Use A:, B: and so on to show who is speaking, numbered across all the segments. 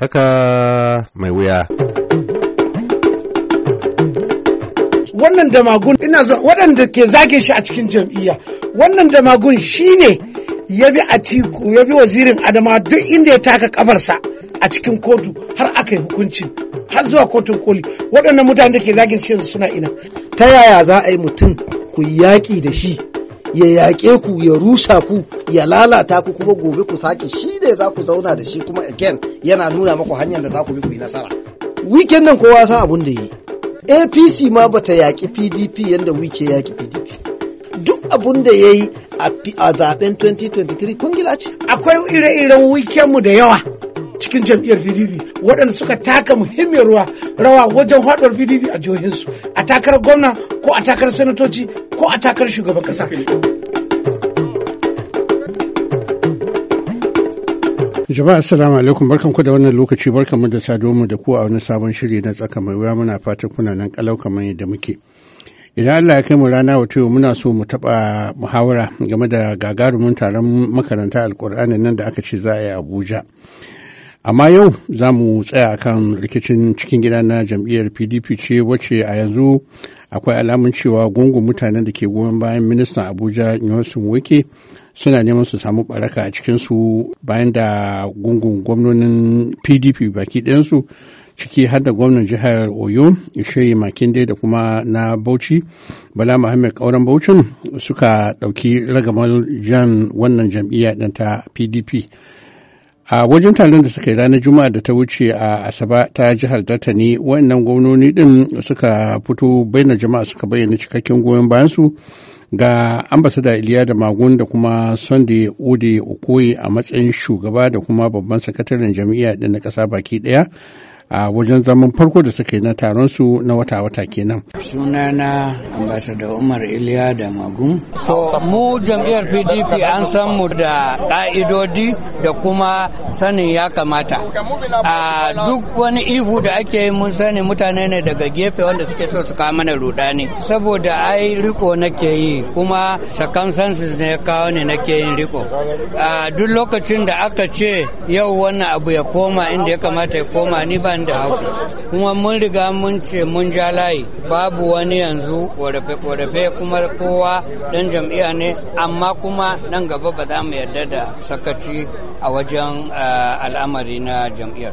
A: saka mai wuya.
B: Wannan damagun ina zo waɗanda ke zage shi a cikin jam'iyya. Wannan damagun shi ne ya bi tiku ya bi wazirin Adama duk inda ya taka kafarsa a cikin kotu har aka yi hukunci har zuwa kotun koli waɗannan mutane da ke zage shi suna ina.
C: Ta yaya za a yi mutum ku yaƙi da shi ya yaƙe ku ya rusa ku ya lalata ku kuma gobe ku sake shi ne za ku zauna da shi kuma again yana nuna maku hanyar da za ku bi ku yi nasara weekend nan kowa san abun da yi apc ma bata yaƙi pdp yadda wike yaƙi pdp duk abun da ya yi a zaben 2023 kungila ce akwai ire-iren wikenmu da yawa cikin jam'iyyar
B: pdp waɗanda suka taka muhimmiyar ruwa rawa wajen haɗuwar pdp a jihohinsu a takarar gwamna ko a takarar sanatoci ko a takarar shugaban ƙasa
A: jama'a assalamu alaikum barkan ku da wannan lokaci barkan mu da sado mu da ku a wani sabon shiri na tsaka mai wuya muna fatan kuna nan kalau kamar yadda muke idan Allah ya kai mu rana wato muna so mu taɓa muhawara game da gagarumin taron makaranta alkur'ani nan da aka ce za a yi Abuja amma yau za mu tsaya kan rikicin cikin gida na jam'iyyar pdp ce wacce a yanzu akwai alamun cewa gungun mutanen da ke goyon bayan ministan abuja nyosun wike suna neman su samu baraka a cikinsu bayan da gungun gwamnonin pdp baki ɗayansu ciki har da gwamnan jihar oyo ishe makinde da kuma na bauchi bala muhammad kauran bauchin suka ɗauki ragamar jan wannan jam'iyya ɗin ta pdp a wajen taron da suka yi ranar juma'a da ta wuce a asaba ta jihar delta ne wannan gwamnoni din suka fito bayyana jama'a suka bayyana cikakken goyon bayan su ga ambasada iliya da magun da kuma sunday ode okoye a matsayin shugaba da kuma babban sakataren jam'iyya din na kasa baki daya a wajen zaman farko da suka yi na taron su na wata-wata kenan. Sunana ambasada Umar Iliya da Magum. To mu jam'iyyar PDP an san mu da ƙa'idodi da kuma sanin ya kamata.
D: A duk
A: wani ihu da ake yi mun sani mutane ne daga gefe wanda suke so su kawo mana rudani. Saboda ai riko nake yi kuma circumstances ne kawo ne nake yin riko. A duk lokacin da aka ce yau wannan abu ya koma inda ya kamata ya koma ni ba da haku kuma mun riga mun ce mun ja layi babu wani yanzu warafe-warafe kuma kowa ɗan jam'iyya ne amma kuma nan gaba ba za mu yarda da sakaci a wajen eh, al'amari na jam'iyyar.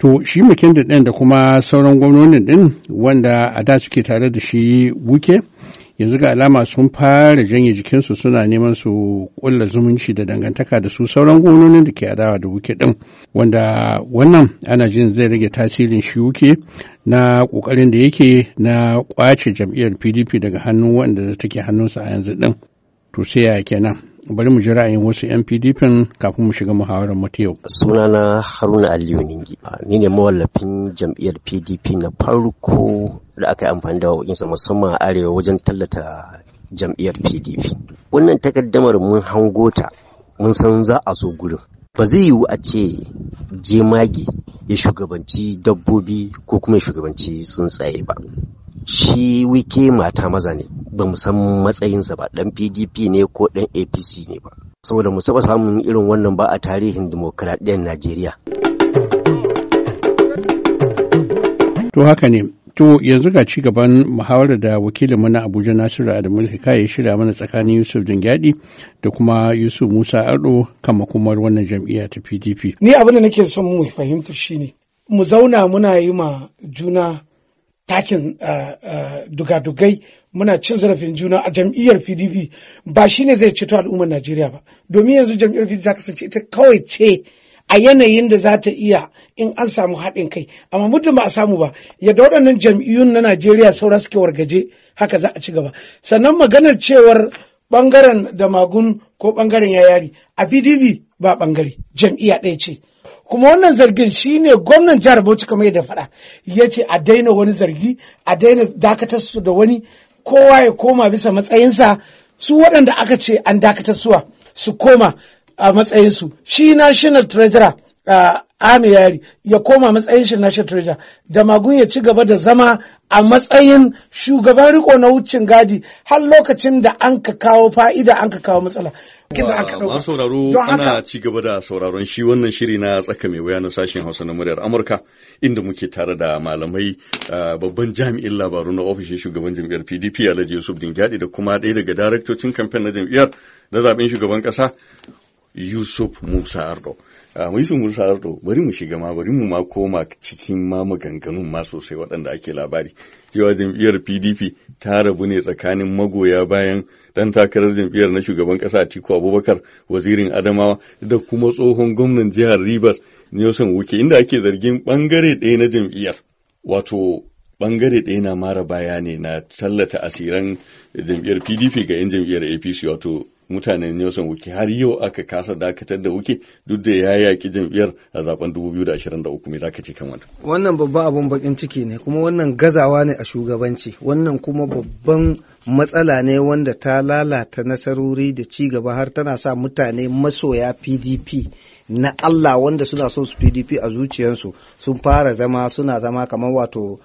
A: To shi McKinley ɗin da kuma sauran gwamnonin ɗin wanda a da suke tare da shi wuke yanzu ga alama sun fara janye jikinsu suna neman su kulla zumunci da dangantaka da su sauran gononin da ke adawa da wuke din wanda wannan ana jin zai rage tasirin shi wuke na kokarin da yake na kwace jam'iyyar pdp daga hannun wanda take hannunsa a yanzu din to sai ya kenan bari mu ji ra'ayin wasu 'yan pdp kafin mu shiga muhawarar mu yau sunana haruna aliyu ningi ah, ni ne mawallafin jam'iyyar pdp na farko da aka yi amfani da wa'insa musamman a arewa wajen tallata
C: jam'iyyar pdp wannan takaddamar mun hango ta mun san za a zo gurin ba zai yiwu a ce jemage ya shugabanci dabbobi ko kuma ya shugabanci tsuntsaye ba shi wike mata maza ne ba mu san matsayinsa ba dan pdp ne ko dan apc ne ba saboda mu saba samun irin
A: wannan ba a tarihin dimokuraɗiyyar najeriya to haka ne to yanzu ga ci gaban muhawarar da wakilin na abuja nasiru adamu hikaya ya shirya mana tsakanin yusuf jingyaɗi da kuma yusuf musa ardo kan makomar wannan jam'iyya ta pdp
B: ni abin da nake son mu fahimta shine mu zauna muna yi ma juna takin uh, uh, dugadugai muna cin zarafin juna a jam'iyyar pdp ba shi ne zai ceto al'ummar najeriya ba domin yanzu jam'iyyar pdp ta kasance ita kawai ce a yanayin da za ta iya in an samu haɗin kai amma muddin ba a samu ba yadda waɗannan jam'iyyun na najeriya saura suke wargaje haka za a ci gaba sannan maganar cewar bangaren da magun ko ɓangaren yayari a pdp ba bangare jam'iyya ɗaya ce kuma wannan zargin shi ne gwamnan jihar Bauchi kamar yadda faɗa ya ce a daina wani zargi a daina dakatar su da wani kowa ya koma bisa matsayinsa su waɗanda aka ce an dakatar suwa su koma a matsayinsu shi national treasurer uh, yari ya koma matsayin shi National Treasurer. da magun ya ci gaba da zama a matsayin shugaban riko na wucin gadi har lokacin da an ka kawo fa'ida an ka kawo matsala
D: Ma sauraro ana ci gaba da sauraron shi wannan shiri na tsaka mai wuya na sashin Hausa na muryar Amurka inda muke tare da malamai babban jami'in labaru na ofishin shugaban jam'iyyar PDP Alhaji Yusuf Dingyadi da kuma ɗaya daga daraktocin kamfen na jam'iyyar na zaɓen shugaban ƙasa Yusuf Musa Ardo. a mai sun bari mu shiga ma bari mu ma koma cikin ma maganganun ma sosai waɗanda ake labari cewa jam'iyyar pdp ta rabu ne tsakanin magoya bayan dan takarar jam'iyyar na shugaban ƙasa atiku abubakar wazirin adamawa da kuma tsohon gwamnan jihar rivers nelson wuke inda ake zargin ɓangare ɗaya na jam'iyyar wato bangare ɗaya na mara baya ne na tallata asiran jam'iyyar pdp ga 'yan jam'iyyar apc wato mutanen Nelson Wuke har yau aka kasa dakatar da Wuke duk da ya yaƙi jam'iyyar a zaben 2023 me zaka ce kan wannan
C: wannan babban abun bakin ciki ne kuma wannan gazawa ne a shugabanci wannan kuma babban matsala ne wanda ta lalata nasarori da ci gaba har tana sa mutane masoya PDP na Allah wanda suna son su PDP a zuciyarsu sun fara zama suna zama kamar wato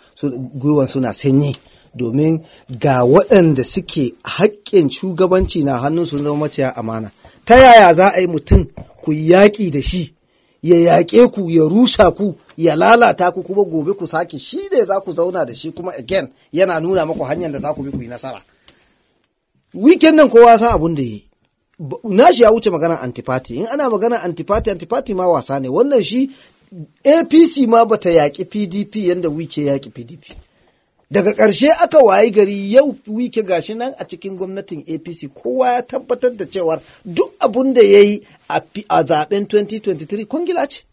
C: gwiwan suna sanyi domin ga waɗanda suke haƙƙin shugabanci na hannun sun zama maciya amana ta yaya za a yi mutum ku yaƙi da shi ya yaƙe ku ya rusha ku ya lalata ku kuma gobe ku sake shi ne za ku zauna da shi kuma again yana nuna maku hanyar da za ku bi ku yi nasara weekend nan kowa san abun da yi nashi ya wuce magana antipati in ana magana antipati antipati ma wasa ne wannan shi apc ma bata yaƙi pdp yadda wike yaƙi pdp daga ƙarshe aka wayi gari yau wike gashi nan a cikin gwamnatin apc kowa ya tabbatar da cewar duk abun da ya yi a zaɓen 2023 kungila ce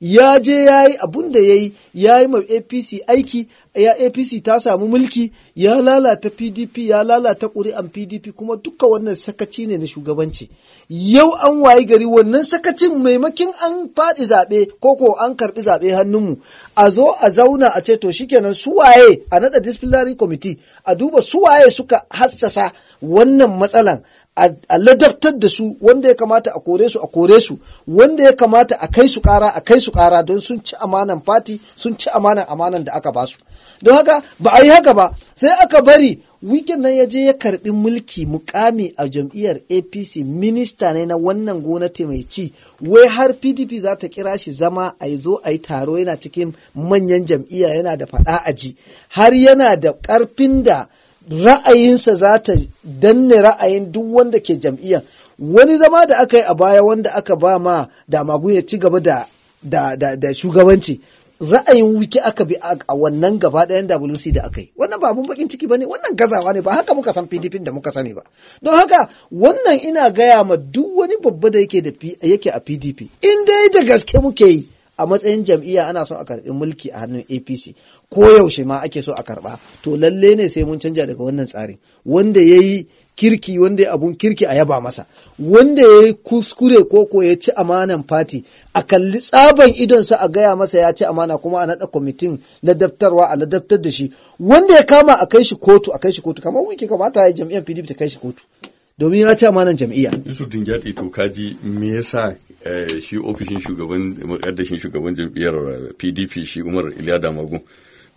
C: ya je ya yi abun da ya yi ya yi ma apc aiki ya apc ta samu mulki ya lalata pdp ya lalata ƙuri'an pdp kuma duka wannan sakaci ne na shugabanci yau an wayi gari wannan sakacin maimakin an faɗi zaɓe ko ko an karɓi zaɓe hannunmu a zo a zauna a ce to shikenan suwaye a naɗa disciplinary committee a duba suwaye suka hassasa wannan matsalan a ladabtar da su wanda ya kamata a kore su a kore su wanda ya kamata a kai su kara a kai su kara don sun ci amanan fati sun ci amanan amanan da aka basu don haka ba a yi haka ba sai aka bari wikin nan ya je ya karbi mulki mukami a jam'iyyar apc minista ne na wannan gwamnati mai ci wai har pdp za ta kira shi zama a zo a yi taro yana cikin manyan jam'iyya yana da faɗa aji har yana da karfin da ra'ayinsa za ta danne ra'ayin duk wanda ke jam'iyyar wani zama da aka yi a baya wanda aka ba ma dama ya ci gaba da da shugabanci ra'ayin wiki aka bi a wannan gaba ɗayan WC da aka yi wannan ba abun bakin ciki bane wannan gazawa ne ba haka muka san PDP da muka sani ba don haka wannan ina gaya ma duk wani babba da yake da yake a PDP in dai da gaske muke yi a matsayin jam'iyya ana so a karɓi mulki a hannun apc ko yaushe ma ake so a karɓa to lalle ne sai mun canja daga wannan tsarin wanda ya yi kirki wanda ya abun kirki a yaba masa wanda ya yi kuskure ko ko ya ci amanan fati a kalli tsaban idonsa a gaya masa ya ci amana kuma a naɗa kwamitin ladabtarwa a ladabtar da shi wanda ya kama a kai shi kotu a kai shi kotu kamar wiki kamata ya jam'iyyar pdp ta kai shi kotu domin ya ci amanan jam'iyya.
D: Yusuf Dingyati to kaji me yasa Eh, shi ofishin shugaban makaddashin shugaban jam'iyyar pdp eh, shi umar iliya damagu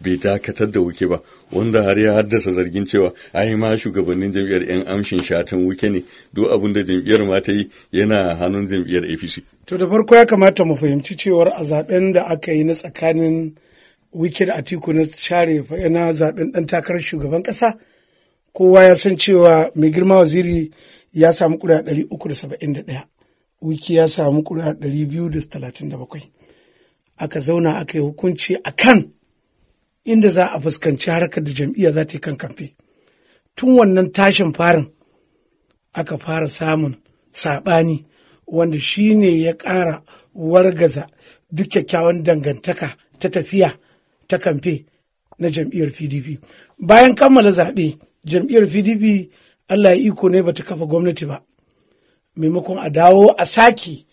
D: bai dakatar da wuke ba wanda har ya haddasa zargin cewa ai ma shugabannin jam'iyyar yan amshin shatan wuke ne duk abin da jam'iyyar ma ta yi yana hannun jam'iyyar apc
B: to da farko ya kamata mu fahimci cewar a zaben da aka yi na tsakanin wuke da atiku na share yana zaben dan takarar shugaban kasa kowa ya san cewa mai girma waziri ya samu kura 371 wiki ya samu ƙuri'a ɗari biyu da talatin bakwai aka zauna aka yi hukunci a kan inda za a fuskanci harkar da jam'iyya za ta yi kan kamfe tun wannan tashin farin aka fara samun saɓani wanda shi ne ya ƙara wargaza duk kyakkyawan dangantaka ta tafiya ta kamfe na jam'iyyar pdp bayan kammala zaɓe jam'iyyar pdp allah ya iko ne bata kafa gwamnati ba maimakon a dawo a sake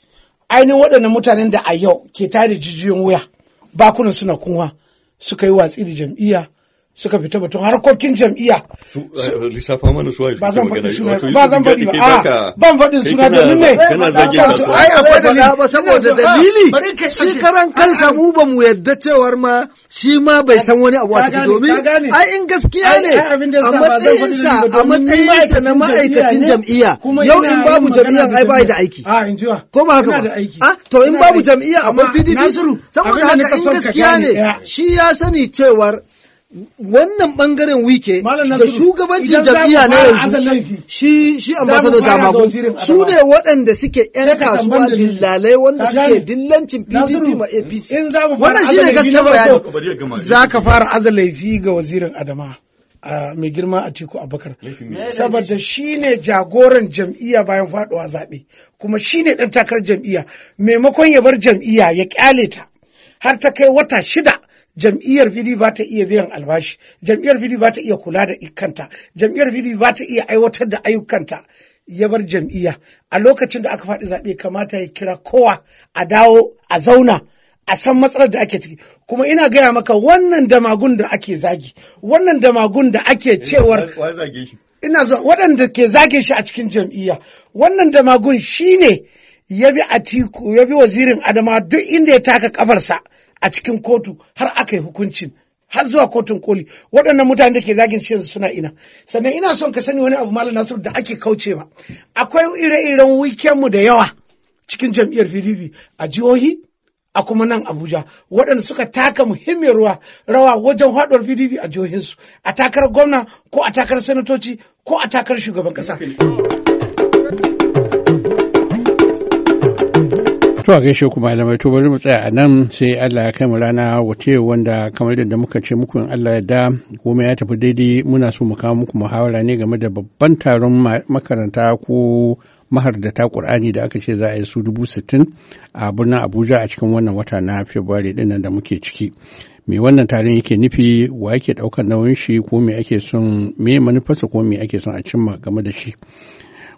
B: ainihin waɗannan mutanen da a yau ke tare jijiyoyin wuya bakunan suna kunwa suka yi watsi da jam'iyya suka fita batun harkokin jam'iyya.
D: Eh, lissafa mana ba zan faɗi suna ba zan faɗi ba ah, ban faɗin suna domin ne kana ai akwai
B: da ba saboda dalili shi karan
C: kansa mu ba mu yadda cewar ma shi ma bai san wani abu a ciki domin ai in gaskiya ne a matsayinsa a matsayinsa na ma'aikacin jam'iyya yau in babu jam'iyya ai ba da aiki ah, ko ba haka ba a ah, to in babu jam'iyya akwai PDP saboda haka in gaskiya ne shi ya sani cewar wannan bangaren wike da shugabancin jam'iyya na yanzu shi shi ambassador damago su ne waɗanda suke yan kasuwa dillalai wanda suke dillancin PDP ma APC
B: wannan shi ne gaskiya
D: bayani za
B: ka fara aza laifi ga wazirin Adama mai girma a tiku abakar saboda shi ne jagoran jam'iyya bayan faɗuwa zaɓe kuma shi ne ɗan takarar jam'iyya maimakon ya bar jam'iyya ya ƙyale ta har ta kai wata shida jam'iyyar fili ba ta iya biyan albashi jam'iyyar fili ba ta iya kula da ikanta jam'iyyar fili ba ta iya aiwatar da ayyukanta ya bar jam'iyya a lokacin da aka faɗi zaɓe kamata ya kira kowa a dawo a zauna a san matsalar da ake ciki kuma ina gaya maka wannan damagun da ake zagi wannan damagun da ake eh, cewar ina zuwa waɗanda ke zage shi a cikin jam'iyya wannan damagun shine ya bi atiku ya bi wazirin adama duk inda ya taka kafarsa a cikin kotu har aka yi hukuncin har zuwa kotun koli waɗannan mutane da ke zagin shi suna ina sannan ina son ka sani wani abu malam nasiru da ake kaucewa akwai ire-iren wikenmu da yawa cikin jam'iyyar pdp a jihohi a kuma nan abuja waɗanda suka taka muhimmiyar ruwa rawa wajen haɗuwar pdp a jihohinsu a takarar gwamna ko a takarar sanatoci ko a takarar shugaban ƙasa.
A: To a gaishe kuma malamai to bari mu tsaya a nan sai Allah ya kai mu rana wace wanda kamar yadda muka ce muku in Allah ya da komai ya tafi daidai muna so mu kawo muku muhawara ne game da babban taron makaranta ko mahardata Qur'ani da aka ce za a yi su dubu sittin a birnin Abuja a cikin wannan wata na Fabrairu nan da muke ciki. me wannan taron yake nufi wa yake ɗaukar nauyin shi ko me ake son me manufarsa ko me ake son a cimma game da shi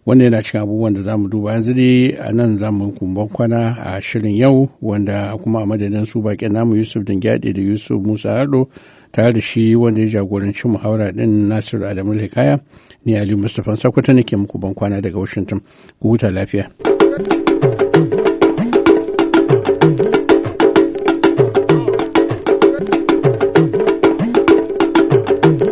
A: Wanda yana cikin abubuwan da zamu duba yanzu dai a nan zamu kumban kwana a shirin yau wanda kuma a madadin su baƙin namu Yusuf gyaɗe da Yusuf Musa harɗo tare da shi wanda ya jagoranci muhawara din Nasiru Adamu Hikaya ni Ali Mustapha Sakwata nake muku ban kwana daga Washington ku huta lafiya.